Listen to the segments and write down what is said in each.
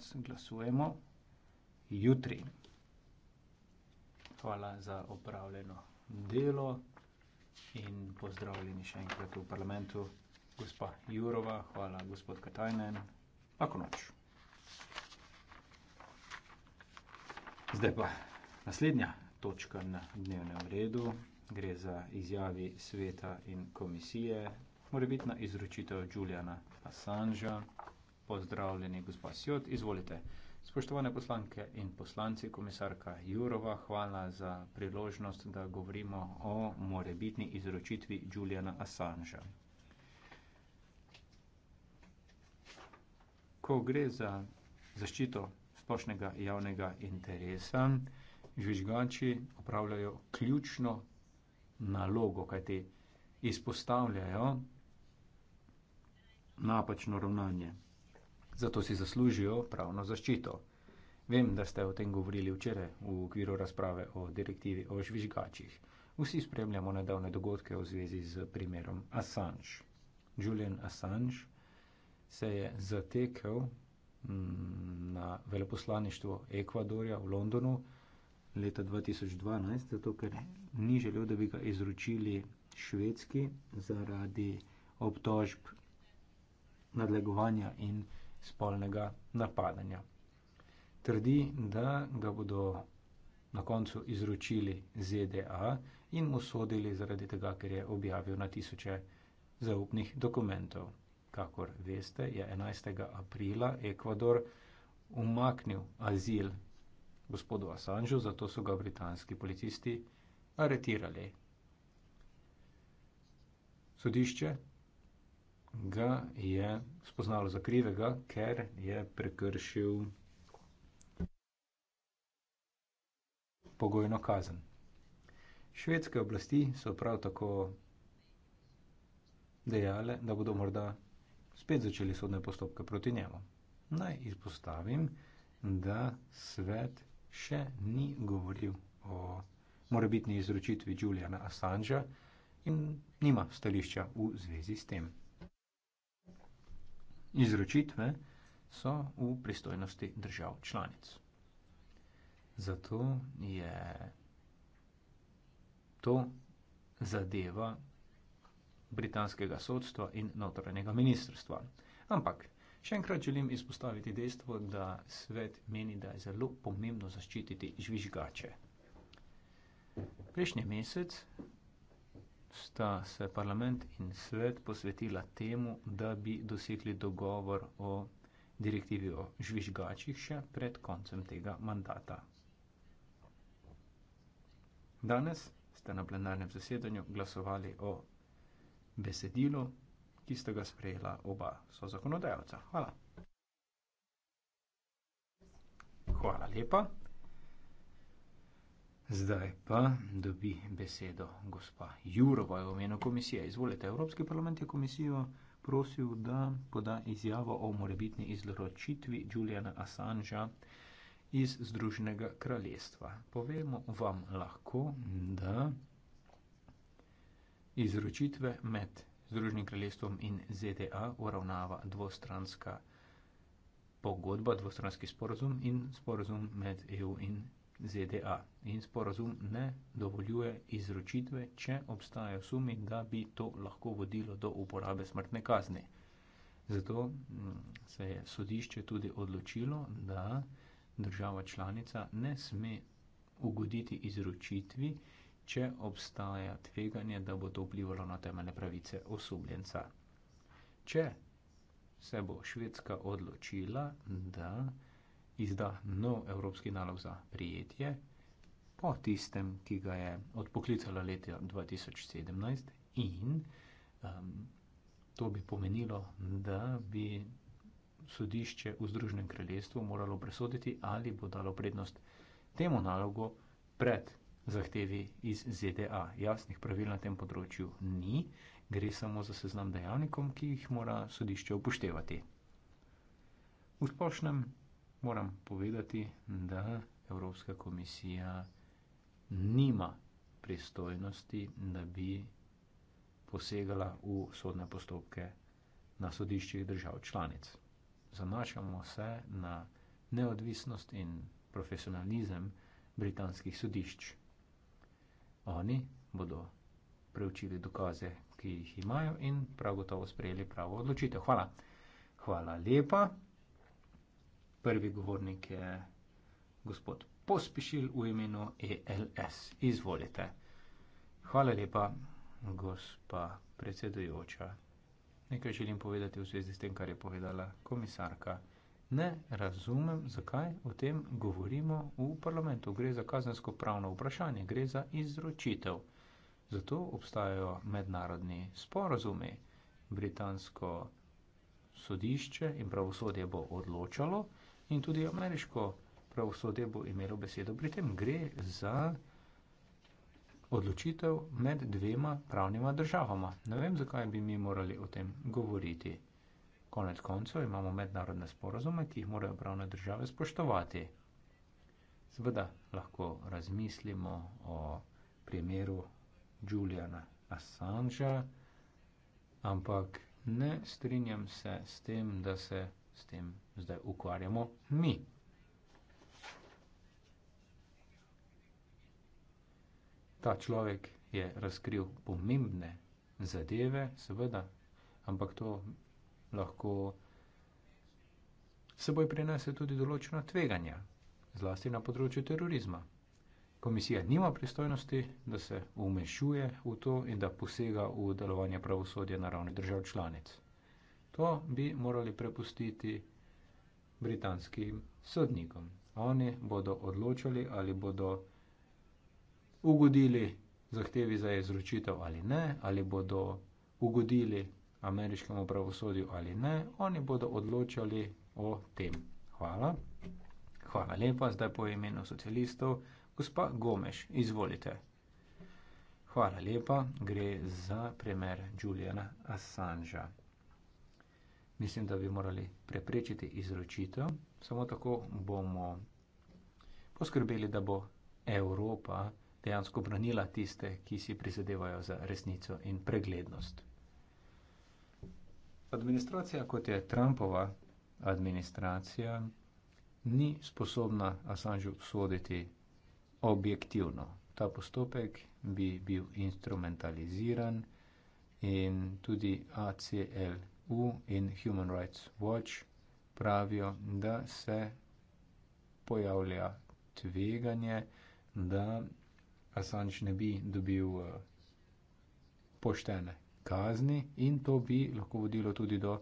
konec glasujemo jutri. Hvala za opravljeno delo in pozdravljeni še enkrat v parlamentu, gospa Jurova, hvala gospod Katajnen, lahko noč. Zdaj pa naslednja točka na dnevnem redu, gre za izjavi sveta in komisije, morebitna izročitev Juliana Assangea pozdravljeni, gospa Sjot, izvolite. Spoštovane poslanke in poslanci, komisarka Jurova, hvala za priložnost, da govorimo o morebitni izročitvi Juliana Assangea. Ko gre za zaščito splošnega javnega interesa, žvižgači opravljajo ključno nalogo, kajti izpostavljajo napačno ravnanje zato si zaslužijo pravno zaščito. Vem, da ste o tem govorili včeraj v okviru razprave o direktivi o žvižgačih. Vsi spremljamo nedavne dogodke v zvezi z primerom Assange. Julian Assange se je zatekel mm, na veleposlaništvo Ekvadorja v Londonu leta 2012, zato ker ni želel, da bi ga izročili švedski zaradi obtožb nadlegovanja in spolnega napadanja. Trdi, da ga bodo na koncu izročili ZDA in mu sodili zaradi tega, ker je objavil na tisoče zaupnih dokumentov. Kakor veste, je 11. aprila Ekvador umaknil azil gospodu Assangeu, zato so ga britanski policisti aretirali. Sodišče ga je spoznalo za krivega, ker je prekršil pogojno kazen. Švedske oblasti so prav tako dejale, da bodo morda spet začeli sodne postopke proti njemu. Naj izpostavim, da svet še ni govoril o morebitni izročitvi Juliana Assangea in nima stališča v zvezi s tem izročitve so v pristojnosti držav članic. Zato je to zadeva britanskega sodstva in notranjega ministrstva. Ampak, še enkrat želim izpostaviti dejstvo, da svet meni, da je zelo pomembno zaščititi žvižgače. Prejšnji mesec sta se parlament in svet posvetila temu, da bi dosegli dogovor o direktivi o žvižgačih še pred koncem tega mandata. Danes ste na plenarnem zasedanju glasovali o besedilu, ki ste ga sprejela oba so zakonodajalca. Hvala. Hvala lepa. Zdaj pa dobi besedo gospa Jurova v imenu komisije. Izvolite, Evropski parlament je komisijo prosil, da poda izjavo o morebitni izročitvi Juliana Assangea iz Združenega kraljestva. Povemo vam lahko, da izročitve med Združenim kraljestvom in ZDA uravnava dvostranska pogodba, dvostranski sporozum in sporozum med EU in ZDA. ZDA in sporazum ne dovoljuje izročitve, če obstajajo sumi, da bi to lahko vodilo do uporabe smrtne kazni. Zato mm, se je sodišče tudi odločilo, da država članica ne sme ugoditi izročitvi, če obstaja tveganje, da bo to vplivalo na temeljne pravice osumljenca. Če se bo Švedska odločila, da izda nov evropski nalog za prijetje po tistem, ki ga je odpoklicala leta 2017 in um, to bi pomenilo, da bi sodišče v Združenem kraljestvu moralo presoditi, ali bo dalo prednost temu nalogu pred zahtevi iz ZDA. Jasnih pravil na tem področju ni, gre samo za seznam dejavnikom, ki jih mora sodišče upoštevati. V splošnem Moram povedati, da Evropska komisija nima pristojnosti, da bi posegala v sodne postopke na sodiščih držav članic. Zanašamo se na neodvisnost in profesionalizem britanskih sodišč. Oni bodo preučili dokaze, ki jih imajo in prav gotovo sprejeli pravo odločitev. Hvala. Hvala lepa. Prvi govornik je gospod Pospišil v imenu ELS. Izvolite. Hvala lepa, gospa predsedujoča. Nekaj želim povedati v zvezi s tem, kar je povedala komisarka. Ne razumem, zakaj o tem govorimo v parlamentu. Gre za kazensko pravno vprašanje, gre za izročitev. Zato obstajajo mednarodni sporozumi. Britansko sodišče in pravosodje bo odločalo, in tudi ameriško pravosodje bo imelo besedo. Pri tem gre za odločitev med dvema pravnima državama. Ne vem, zakaj bi mi morali o tem govoriti. Konec koncev imamo mednarodne sporozume, ki jih morajo pravne države spoštovati. Seveda lahko razmislimo o primeru Juliana Assangea, ampak ne strinjam se s tem, da se s tem zdaj ukvarjamo mi. Ta človek je razkril pomembne zadeve, seveda, ampak to lahko seboj prinese tudi določeno tveganja, zlasti na področju terorizma. Komisija nima pristojnosti, da se umešuje v to in da posega v delovanje pravosodja na ravni držav članic. To bi morali prepustiti britanskim sodnikom. Oni bodo odločali, ali bodo ugodili zahtevi za izročitev ali ne, ali bodo ugodili ameriškemu pravosodju ali ne. Oni bodo odločali o tem. Hvala. Hvala lepa, zdaj po imenu socialistov, gospa Gomeš, izvolite. Hvala lepa, gre za primer Juliana Assangea mislim, da bi morali preprečiti izročitev. Samo tako bomo poskrbeli, da bo Evropa dejansko branila tiste, ki si prizadevajo za resnico in preglednost. Administracija, kot je Trumpova administracija, ni sposobna Assangeu soditi objektivno. Ta postopek bi bil instrumentaliziran in tudi ACL EU in Human Rights Watch pravijo, da se pojavlja tveganje, da Assange ne bi dobil eh, poštene kazni in to bi lahko vodilo tudi do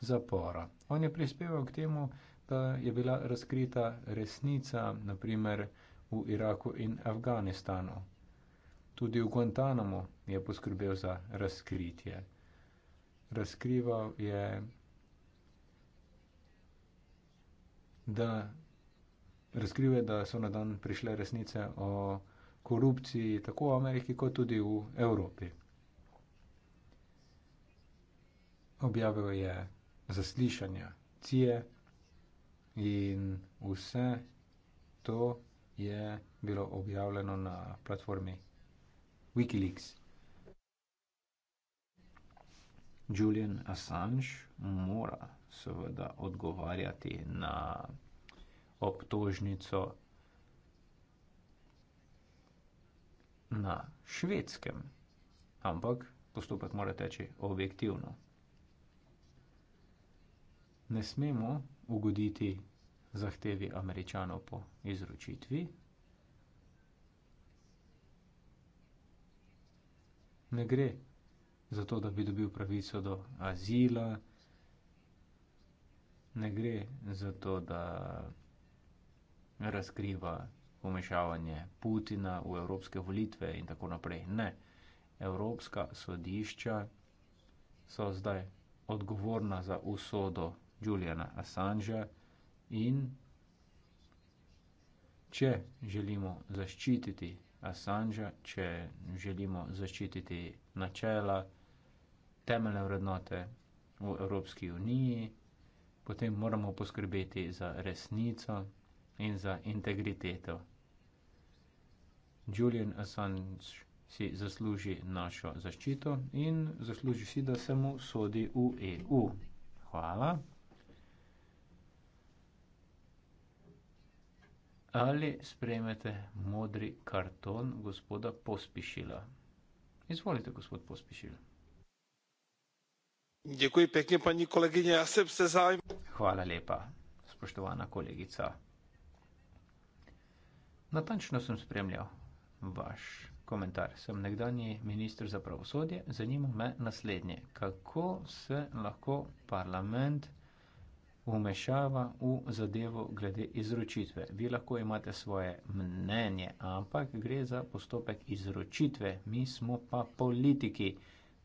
zapora. On je prispeval k temu, da je bila razkrita resnica, naprimer v Iraku in Afganistanu. Tudi v Guantanamo je poskrbel za razkritje razkrival, je, da, razkril je, da so na dan prišle resnice o korupciji tako v Ameriki, kot tudi v Evropi. Objavil je zaslišanja CIE in vse to je bilo objavljeno na platformi Wikileaks. Julian Assange mora seveda odgovarjati na obtožnico na švedskem, ampak postopek mora teči objektivno. Ne smemo ugoditi zahtevi američanov po izročitvi, ne gre zato da bi dobil pravico do azila, ne gre za to, da razkriva umešavanje Putina v evropske volitve in tako naprej. Ne, evropska sodišča so zdaj odgovorna za usodo Juliana Assangea in če želimo zaščititi Assangea, če želimo zaščititi načela, temeljne vrednote v Evropski uniji, potem moramo poskrbeti za resnico in za integriteto. Julian Assange si zasluži našo zaščito in zasluži si, da se mu sodi v EU. Hvala. Ali sprejmete modri karton gospoda Pospišila? Izvolite, gospod Pospišila paní kolegyně já jsem se zájmem. Vaš komentar. Sem nekdani ministr za pravosodje. Zanima me naslednje. Kako se lahko parlament umešava v zadevo glede izročitve? Vi lahko imate svoje mnenje, ampak gre za postopek izročitve. Mi smo pa politiki.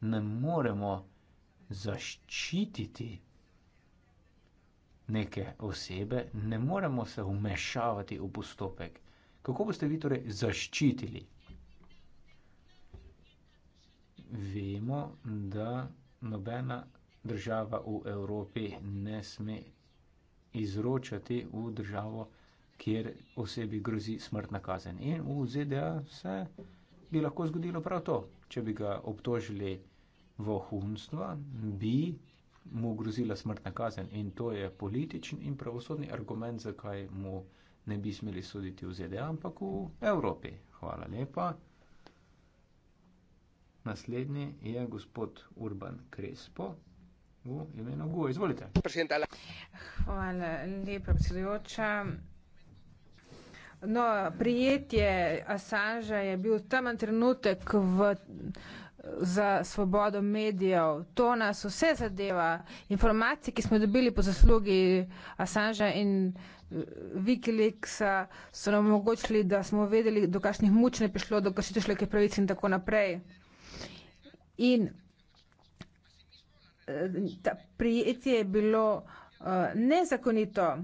Ne moremo zaščititi neke osebe, ne moremo se vmešavati v postopek. Kako boste vi torej zaščitili? Vemo, da nobena država v Evropi ne sme izročati v državo, kjer osebi grozi smrtna kazen. In v ZDA se bi lahko zgodilo prav to, če bi ga obtožili vohunstva, bi mu grozila smrtna kazen. In to je političen in pravosodni argument, zakaj mu ne bi smeli soditi v ZDA, ampak v Evropi. Hvala lepa. Naslednji je gospod Urban Krespo. E. Hvala lepa, predsedujoča. No, prijetje Assangea je bil tamen trenutek v za svobodo medijev. To nas vse zadeva. Informacije, ki smo dobili po zaslugi Assange in eh, Wikileaksa, so nam omogočili, da smo vedeli, do kakšnih mučne prišlo, do kršitev človekovih pravic in tako naprej. In eh, ta prijetje je bilo uh, nezakonito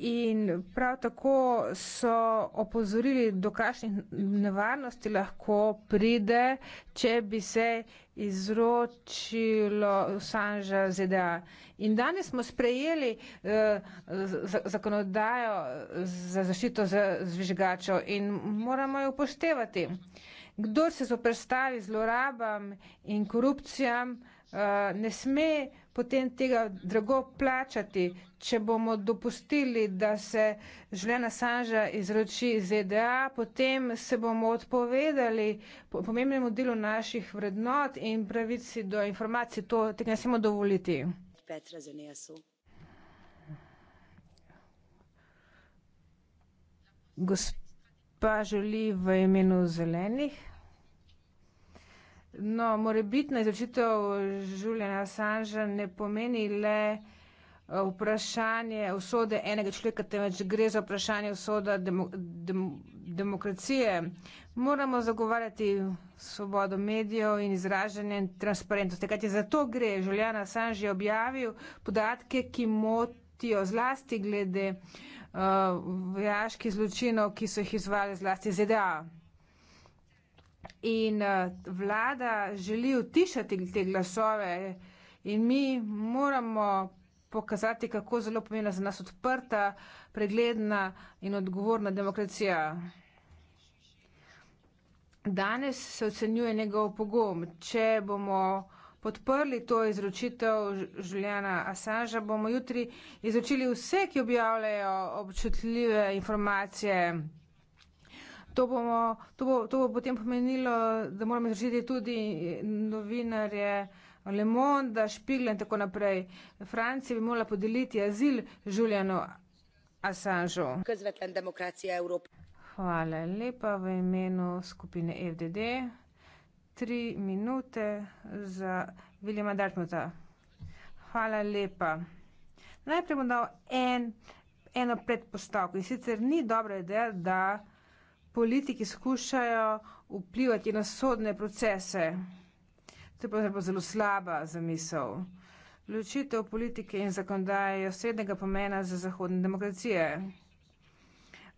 in prav tako so opozorili, do kakšnih nevarnosti lahko pride, če bi se izročilo Sanža ZDA. In danes smo sprejeli eh, zakonodajo za zaščito za zvižgačev in moramo jo upoštevati. Kdor se zoprstavi zlorabam in korupcijam, eh, ne sme potem tega drago plačati, če bomo dopustili, da se Žlena Sanža izroči iz ZDA, potem se bomo odpovedali pomembnemu delu naših vrednot in pravici do informacij, to tega ne smemo dovoliti. Petra Zenesu. Gospa želi v imenu zelenih. No, morebitna izrečitev življenja Sanža ne pomeni le eh, vprašanje usode enega človeka, temveč gre za vprašanje usode demo, dem, demokracije. Moramo zagovarjati svobodo medijev in izražanje in transparentnosti. Kaj je za to gre? Življana Sanž je objavil podatke, ki motijo zlasti glede uh, vojaških zločinov, ki so jih izvali zlasti ZDA. Iz In eh, vlada želi utišati te glasove in mi moramo pokazati, kako zelo pomembna za nas odprta, pregledna in odgovorna demokracija. Danes se ocenjuje njegov pogum. Če bomo podprli to izročitev Žuljana Assangea, bomo jutri izročili vse, ki objavljajo občutljive informacije. To, bomo, to, bo, to bo potem pomenilo, da moramo zaščititi tudi novinarje Le Monde, Špigle in tako naprej. Francija bi morala podeliti azil Julianu Assangeu. Hvala lepa v imenu skupine FDD. Tri minute za Viljama Dartmuta. Hvala lepa. Najprej bom dal en, eno predpostavko in sicer ni dobra ideja, da politiki skušajo vplivati na sodne procese. To je pravzaprav zelo slaba zamisel. Ločitev politike in zakonodaje je osrednjega pomena za zahodne demokracije.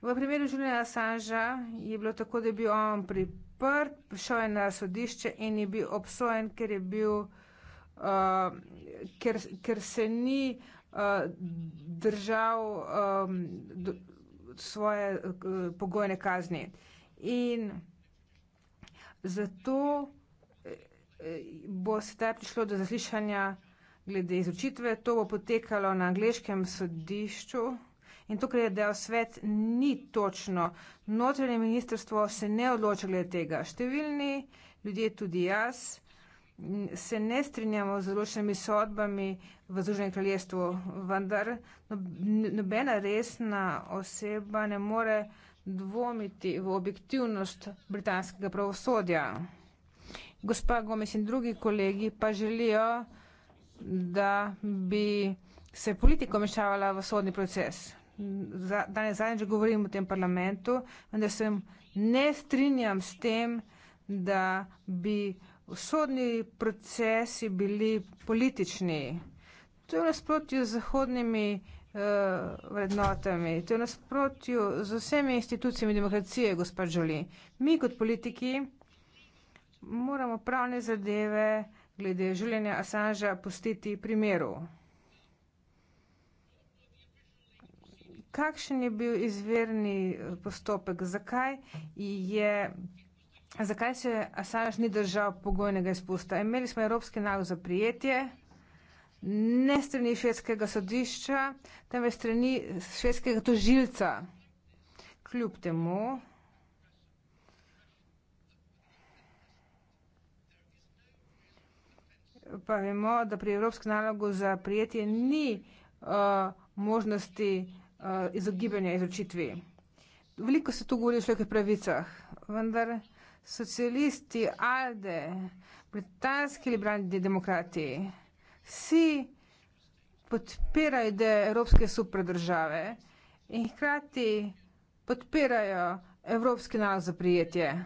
V primeru življenja Assanža je bilo tako, da je bil on priprt, šel je na sodišče in je bil obsojen, ker, je bil, uh, ker, ker se ni uh, držal. Um, do, svoje eh, pogojne kazni. In zato eh, eh, bo sedaj prišlo do zaslišanja glede izučitve. To bo potekalo na angliškem sodišču. In to, kar je dejal svet, ni točno. Notranje ministrstvo se ne odloča glede tega. Številni ljudje, tudi jaz, se ne strinjamo z določenimi sodbami v Združenem kraljestvu, vendar no, nobena resna oseba ne more dvomiti v objektivnost britanskega pravosodja. Gospa Gomes in drugi kolegi pa želijo, da bi se politika mešavala v sodni proces. Danes zadnjič govorim o tem parlamentu, vendar se ne strinjam s tem, da bi Vsodni procesi bili politični. To je v nasprotju z zahodnimi eh, vrednotami, to je v nasprotju z vsemi institucijami demokracije, gospod Žoli. Mi kot politiki moramo pravne zadeve glede življenja Assangea pustiti primeru. Kakšen je bil izverni postopek? Zakaj je Zakaj se Assange ni držal pogojnega izpusta? Imeli smo evropski nalog za prijetje, ne strani švedskega sodišča, temveč strani švedskega tožilca. Kljub temu, pa vemo, da pri evropskem nalogu za prijetje ni uh, možnosti uh, izogibanja izročitvi. Veliko se tu govori o človekovih pravicah, vendar socialisti, ALDE, britanski liberalni demokrati, vsi podpirajo ideje evropske superdržave in hkrati podpirajo evropski nalog za prijetje.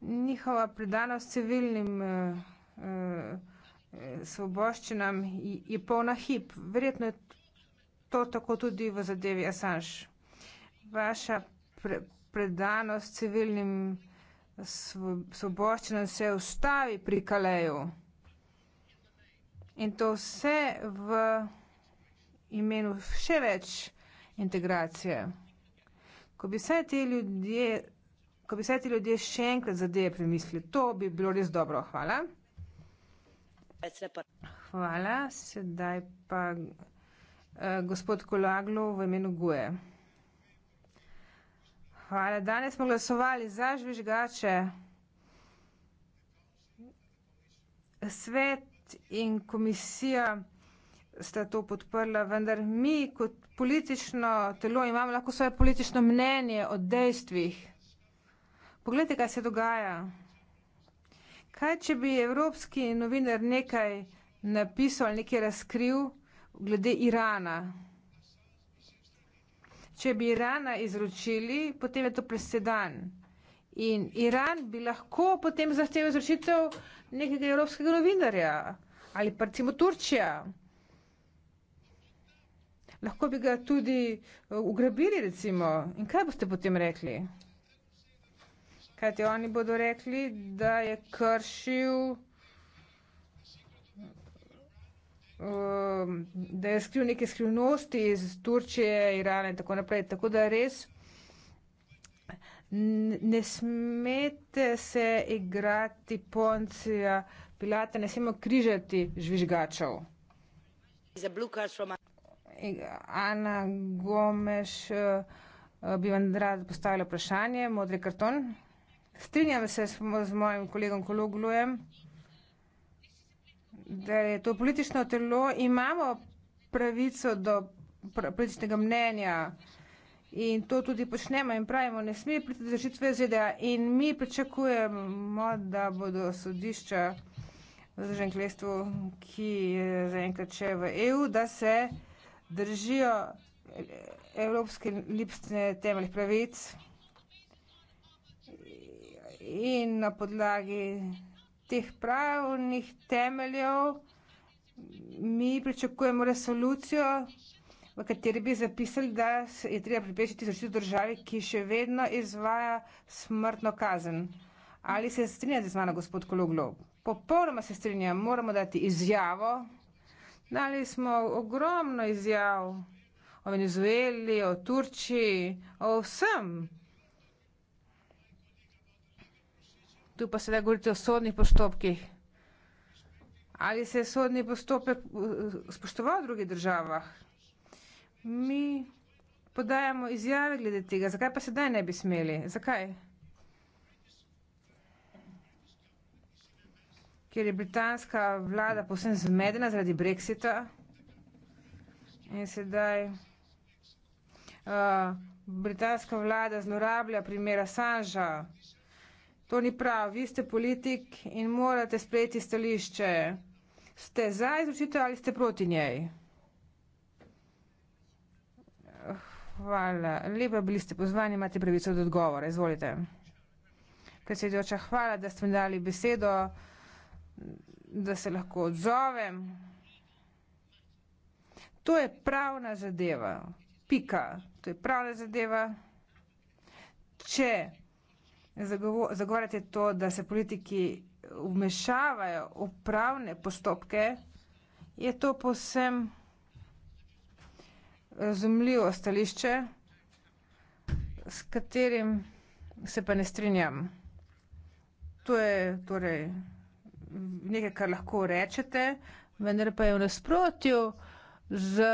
Njihova predanost civilnim eh, eh svoboščinam je polna hip. Verjetno je to tako tudi v zadevi Assange. Vaša pre predanost civilnim eh, svoboščina se ustavi pri Kaleju. In to vse v imenu še več integracije. Ko bi vse te ljudje ko bi vse ti ljudje še enkrat zadeje premislili, to bi bilo res dobro. Hvala. Hvala. Sedaj pa uh, gospod Kolaglo v imenu Guje. Hvala. Danes smo glasovali za žvižgače. Svet in komisija sta to podprla, vendar mi kot politično telo imamo lahko svoje politično mnenje o dejstvih. Poglejte, kaj se dogaja. Kaj, če bi evropski novinar nekaj napisal ali nekaj razkril glede Irana? če bi Irana izročili, potem je to presedan. In Iran bi lahko potem zahteval izročitev nekega evropskega novinarja ali pa recimo Turčija. Lahko bi ga tudi uh, ugrabili recimo. In kaj boste potem rekli? Kajte, oni bodo rekli, da je kršil uh, um, da je skril neke skrivnosti iz Turčije, Irana in tako naprej. Tako da res ne smete se igrati poncija Pilata, ne smemo križati žvižgačev. Ana Gomeš uh, uh, bi vam rad postavila vprašanje, modri karton. Strinjam se s, s mojim kolegom Kologlujem. Kolo da je to politično telo, imamo pravico do političnega mnenja in to tudi počnemo in pravimo, ne sme priti do zrešitve ZDA in mi pričakujemo, da bodo sodišča v Združenem kraljestvu, ki je zaenkrat še v EU, da se držijo evropske lipstne temelj pravic in na podlagi teh pravnih temeljev mi pričakujemo resolucijo, v kateri bi zapisali, da je treba pripečiti zaščito državi, ki še vedno izvaja smrtno kazen. Ali se strinjate z mano, gospod Kologlo? Popolnoma se strinjam, moramo dati izjavo. Dali smo ogromno izjav o Venezueli, o Turčiji, o vsem. tu pa sedaj govorite o sodnih postopkih. Ali se je sodni postopek uh, spoštoval v drugih državah? Mi podajamo izjave glede tega, zakaj pa sedaj ne bi smeli? Zakaj? Ker je britanska vlada povsem zmedena zaradi Brexita in sedaj uh, britanska vlada zlorablja primera Sanža. To ni prav. Vi ste politik in morate sprejeti stališče. Ste za izročitev ali ste proti njej? Hvala. Lepo bili ste pozvani, imate pravico do odgovora. Izvolite. Predsedujoča, hvala, da ste mi dali besedo, da se lahko odzovem. To je pravna zadeva. Pika. To je pravna zadeva. Če zagovarjate to, da se politiki vmešavajo v pravne postopke, je to povsem razumljivo stališče, s katerim se pa ne strinjam. To je torej nekaj, kar lahko rečete, vendar pa je v nasprotju z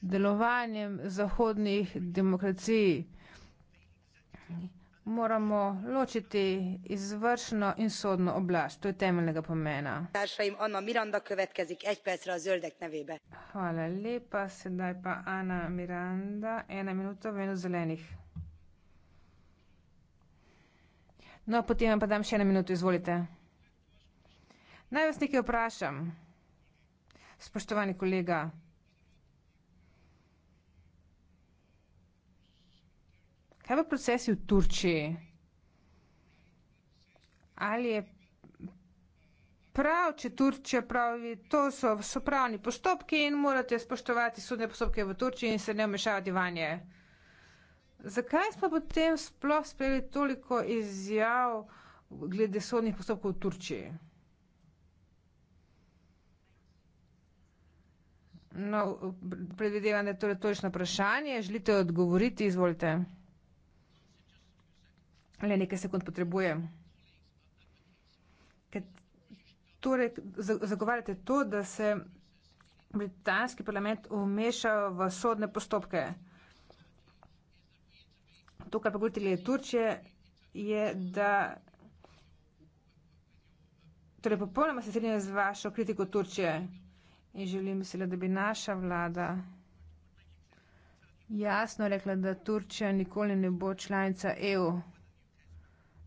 delovanjem zahodnih demokracij moramo ločiti izvršno in sodno oblast. To je temeljnega pomena. Hvala lepa, sedaj pa Ana Miranda, ena minuta v enu zelenih. No, potem vam pa dam še eno minuto, izvolite. Naj vas nekaj vprašam, spoštovani kolega. Kaj pa procesi v Turčiji? Ali je prav, če Turčija pravi, to so, so pravni postopki in morate spoštovati sodne postopke v Turčiji in se ne omešavati vanje? Zakaj smo potem sploh sprejeli toliko izjav glede sodnih postopkov v Turčiji? No, predvidevam, da je to retorično vprašanje. Želite odgovoriti? Izvolite le nekaj sekund potrebujem. Ker torej zagovarjate to, da se britanski parlament umeša v sodne postopke. To, kar pa govorite glede Turčije, je, da torej popolnoma se srednje z vašo kritiko Turčije in želim si, da bi naša vlada jasno rekla, da Turčija nikoli ne bo članica EU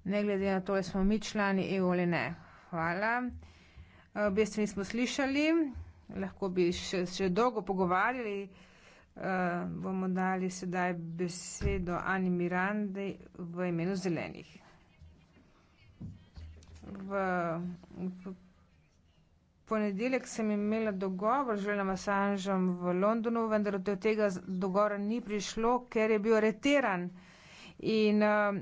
ne glede na to, ali smo mi člani EU ali ne. Hvala. V bistvu nismo slišali, lahko bi še, še dolgo pogovarjali. Uh, bomo dali sedaj besedo Ani Mirandi v imenu zelenih. V, v ponedeljek sem imela dogovor z Željem Assangem v Londonu, vendar do tega dogovora ni prišlo, ker je bil areteran. In, uh,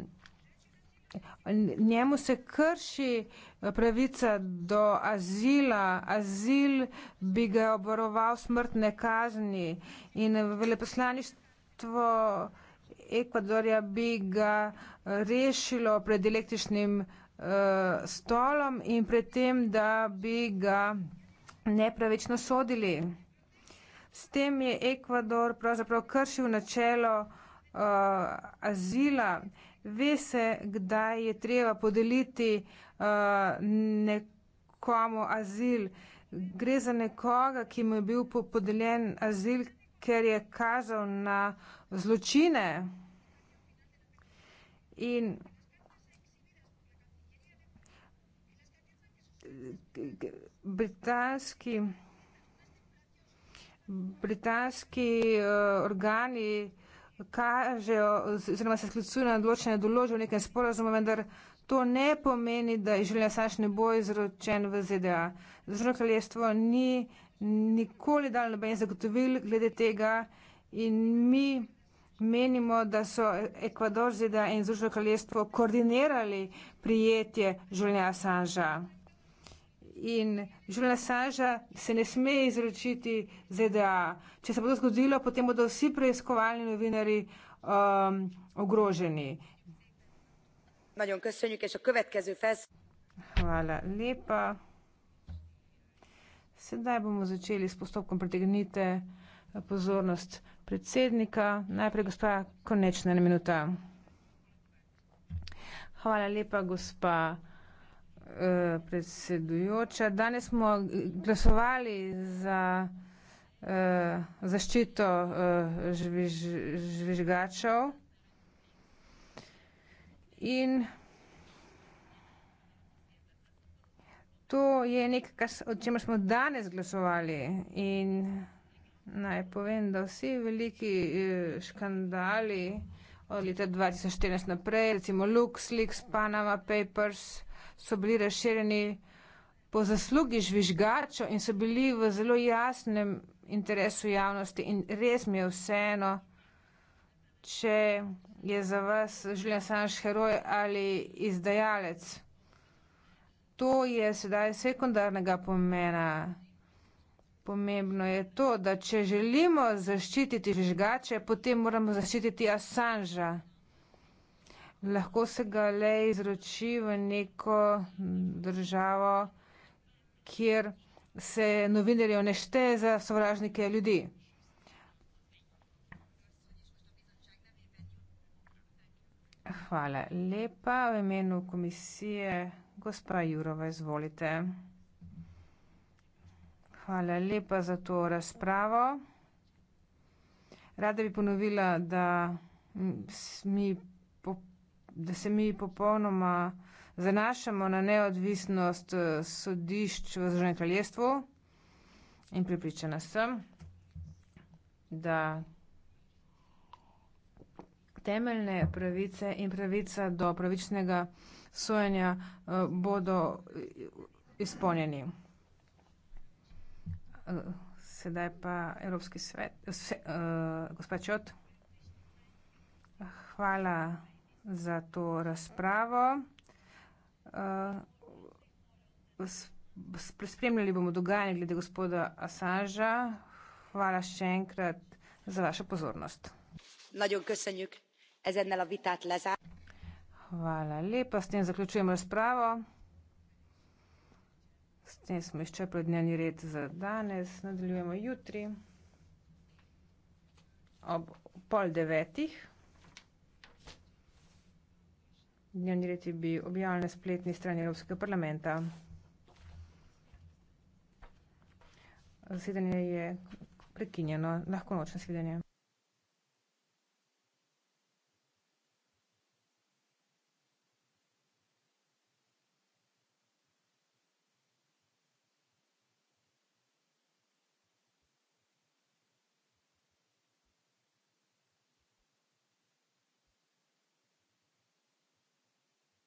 njemu se krši eh, pravica do azila, azil bi ga obvaroval smrtne kazni in veleposlaništvo Ekvadorja bi ga eh, rešilo pred električnim uh, stolom in pred tem, da bi ga nepravično sodili. S tem je Ekvador pravzaprav kršil načelo uh, azila. Uh, ve se, kdaj je treba podeliti uh, nekomu azil. Gre za nekoga, ki mu je bil podeljen azil, ker je kazal na zločine. In britanski, britanski uh, organi kažejo oziroma se sklicujejo na odločene določbe v nekem sporazumu, vendar to ne pomeni, da je življenje Saš ne bo izročen v ZDA. Združeno kraljestvo ni nikoli dal noben zagotovil glede tega in mi menimo, da so Ekvador, ZDA in Združeno kraljestvo koordinirali prijetje življenja Saša in Julian Assange se ne sme izročiti ZDA. Če se bo to zgodilo, potem bodo vsi preiskovalni novinari um, ogroženi. Hvala lepa. Sedaj bomo začeli s postopkom pritegnite eh, pozornost predsednika. Najprej gospa Konečna, ena minuta. Hvala lepa, gospa. Eh, predsedujoča. Danes smo glasovali za uh, zaščito uh, eh, žvež, žvežgačev in to je nekaj, o čemer smo danes glasovali in naj povem, da vsi veliki uh, škandali od leta 2014 naprej, recimo LuxLeaks, Panama Papers, so bili razširjeni po zaslugi žvižgačo in so bili v zelo jasnem interesu javnosti in res mi je vseeno, če je za vas življen sanš heroj ali izdajalec. To je sedaj sekundarnega pomena. Pomembno je to, da če želimo zaščititi žvižgače, potem moramo zaščititi Assangea lahko se ga le izroči v neko državo, kjer se novinarjev ne šteje za sovražnike ljudi. Hvala lepa. V imenu komisije gospa Jurova, izvolite. Hvala lepa za to razpravo. Rada bi ponovila, da mi popolnoma da se mi popolnoma zanašamo na neodvisnost eh, sodišč v Združenem kraljestvu in pripričana sem, da temeljne pravice in pravica do pravičnega sojenja eh, bodo eh, izpolnjeni. Sedaj pa Evropski svet, gospa Čot. Hvala za to razpravo. Uh, spremljali bomo dogajanje glede gospoda Assanža. Hvala še enkrat za vašo pozornost. Hvala lepa, s tem zaključujem razpravo. S tem smo izčrpali dnevni red za danes. Nadaljujemo jutri ob pol devetih. Dnevni red je bil objavljen na spletni strani Evropskega parlamenta. Zasedanje je prekinjeno. Lahko nočno svidenje.